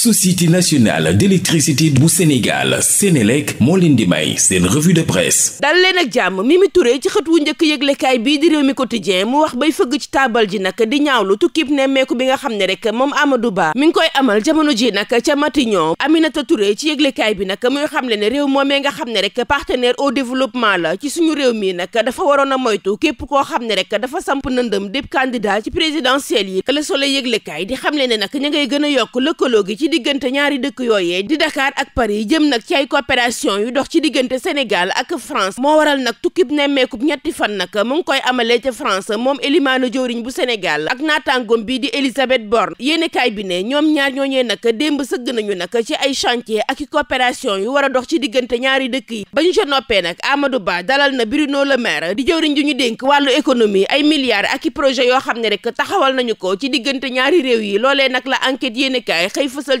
société nationale d'électricité bu Sénégal Sénélec moo leen di may seen revue de presse dal leen ak jàmm Mimi Touré ci xët wu njëkk yëglekaay bii di réew mi quotidien mu wax bay fëgg ci taabal ji nag di lu tukkib nemmeeku bi nga xam ne rek moom amadu Ba mi ngi koy amal jamono ji nag ca Matignon Aminata Touré ci yëglekaay bi nag muy xam le ne réew moomee nga xam ne rek partenaire au développement la ci suñu réew mii nag dafa waroon a moytu képp koo xam ne rek dafa samp nëndëm dépp candidat ci présidentielle yi Le Soleil yëglekaay di xam le ne nag a yokk lëkkaloo diggante ñaari dëkk yooyee di dakaar ak Paris jëm nag ci ay coopération yu dox ci diggante Sénégal ak France moo waral nag tukkib nemmeekub ñetti fan nag mu ngi koy amalee ca France moom Elimaanu jëwriñ bu Sénégal ak naataangoom bii di Elisabeth Borne yéenekaay bi ne ñoom ñaar ñooñee nag démb sëgg nañu nag ci ay chantier ak i coopération yu war a dox ci diggante ñaari dëkk yi ba ñu ca noppee nag Amadou Ba dalal na noo Le Maire di jëwriñ ju ñu dénk wàllu économie ay milliards ak projet yoo xam ne rek taxawal nañu ko ci diggante ñaari réew yi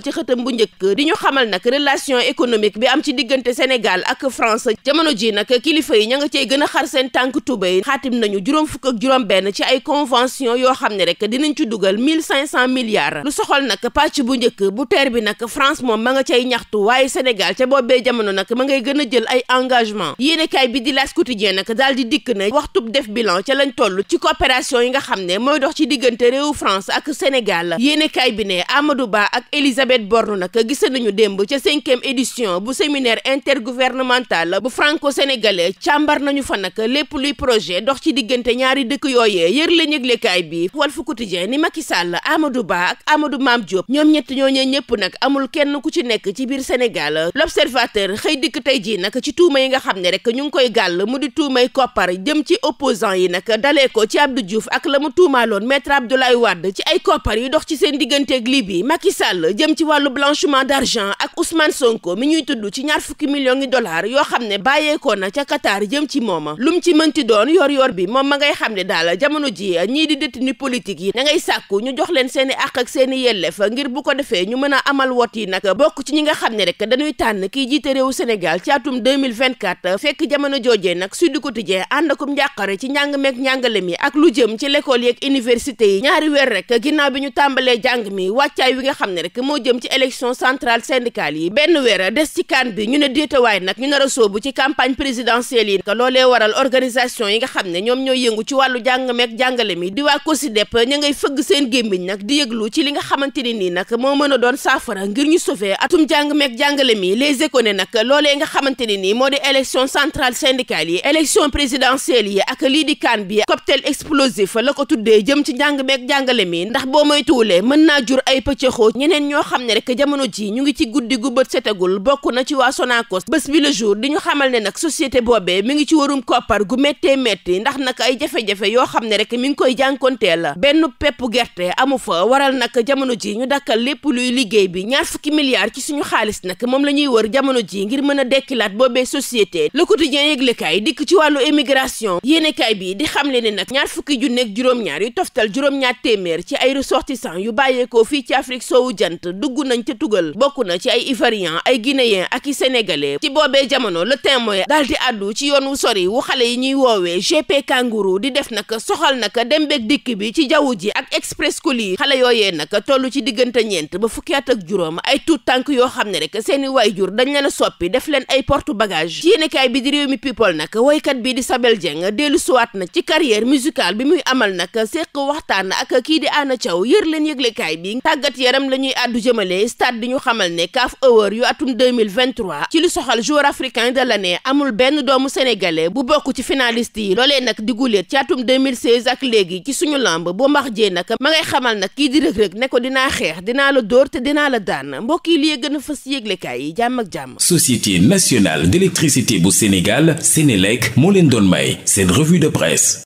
fësal ci xëtam bu njëkk di ñu xamal nag relation économique bi am ci diggante Sénégal ak France jamono ji nag kilifa yi ña nga cey gën a xar seen tànk tubéy xaatim nañu juróom fukk ak juróom benn ci ay convention yoo xam ne rek dinañ ci dugal mille cinq cent milliards lu soxal nag pàcc bu njëkk bu teer bi nag France moom ma nga cay ñaxtu waaye Sénégal ca boobee jamono nag ma ngay gën a jël ay engagement kaay bi di L'As Quotidien nag daal di dikk na waxtu def bilan ca lañ toll ci coopération yi nga xam ne mooy dox ci diggante réewu France ak Sénégal yéenekaay bi ne Amadou Elisabeth Borne nag gis nañu démb ca cinquième édition bu séminaire intergouvernemental bu franco-sénégalais càmbar nañu fa nag lépp luy projet dox ci diggante ñaari dëkk yooyee yër la yëglekaay bi Walf Quotidien ni Macky Sall Amadou Ba ak Amadou Mame Diop ñoom ñett ñooñee ñëpp nag amul kenn ku ci nekk ci biir Sénégal l'observateur xëy dëkk tey jii nag ci tuuma yi nga xam ne rek ñu ngi koy gàll mu di tuumay koppar jëm ci opposant yi nag dalee ko ci Abdou Diouf ak la mu tuumaaloon maître Abdoulaye Wade ci ay koppar yu dox ci seen digganteeg Libye Macky Sall jëm ci wàllu blanchiment d' argent ak Ousmane Sonko mi ñuy tudd ci ñaar fukki millions ngi dollars yoo xam ne bàyyeekoo na ca Qatar jëm ci mooma lu mu ci mënti doon yor-yor bi moom ma ngay xam ne daal jamono ji ñii di ni politique yi da ngay sàkku ñu jox leen seen i àq ak seen yelleef ngir bu ko defee ñu mën a amal wot yi nag bokk ci ñi nga xam ne rek dañuy tànn kiy jiite réewu Sénégal ci atum mille vingt 2024 fekk jamono joojee nag Sud Quotidien ànd akum njàqare ci njàng meeg njàngale mi ak lu jëm ci l'école yeeg université yi ñaari weer rek ginnaaw bi ñu tàmbalee jàng mi wàccaay wi nga xam ne rek jëm ci élection centrale syndicale yi benn weer des ci kan bi ñu ne déetawaay nag ñu nar a soobu campagne présidentielle yi que loolee waral organisation yi nga xam ne ñoom ñooy yëngu ci wàllu jàng jàngale mi di waa COSYDEP ña ngay fëgg seen gémmiñ nag di yëglu ci li nga xamante ni nii nag moo mën a doon saafara ngir ñu sauver atum jàng jàngale mi les économies nag loolee nga xamante ni nii moo di élection centrale syndicale yi élection présidentielle yi ak lii di kan bi cocktail explosif la ko tuddee jëm ci jàngameek jàngale mi ndax boo moytuwulee mën naa jur ay pëccëxoo ñeneen ñoo xam xam ne rek jamono ji ñu ngi ci guddi gu bët setagul bokk na ci waa Sonacos bés bi le jour di ñu xamal ne nag société boobee mi ngi ci warum koppar gu méttee métti ndax nag ay jafe-jafe yoo xam ne rek mi ngi koy la benn pepp gerte amu fa waral nag jamono ji ñu dakkal lépp luy liggéey bi ñaar fukki milliards ci suñu xaalis nag moom la ñuy wër jamono ji ngir mën a dekkilaat boobee société le quotidien yëglekaay dikk ci wàllu émigration yéenekaay bi di xamle ne nag ñaar fukki junneeg juróom-ñaar toftal juróom téeméer ci ay ressortissants yu bàyyeekoo fii ci Afrique soowu jant dugg nañ ca tugal bokk na ci ay ivoirien ay guinéen ak i sénégalais ci boobee jamono le témoin daal di àddu ci yoon wu sori wu xale yi ñuy woowee gp kangourou di def naka soxal naka dem beeg dikk bi ci jaww ji ak express colis xale yooyee naka toll ci diggante ñeent ba fukki at ak juróom ay tuut tànk yoo xam ne rek seeni waay waajur dañ leen soppi def leen ay porte bagage ci yéenekaay bi di réew mi people naka woykat bi di Sabel Dieng dellu suwaat na ci carrière musicale bi muy amal naka seq waxtaan ak kii di Anna Thiaw yër leen yëglekaay bi jëmale stade di ñu xamal ne CAF Awards yu atum 2023 ci lu soxal joueur africain de l'année amul benn doomu sénégalais bu bokk ci finaliste yi loolee nag di guléet ci atum 2016 ak léegi ci suñu lamb Bombardier nag ma ngay xamal nag kii di rëg-rëg ne ko dinaa xeex dinaa la dóor te dinaa la daan mbokk yi li gën a fas yéeglekaay yi jàmm ak jàmm Société nationale d'électricité bu Sénégal Sénélec moo leen doon may seen revue de presse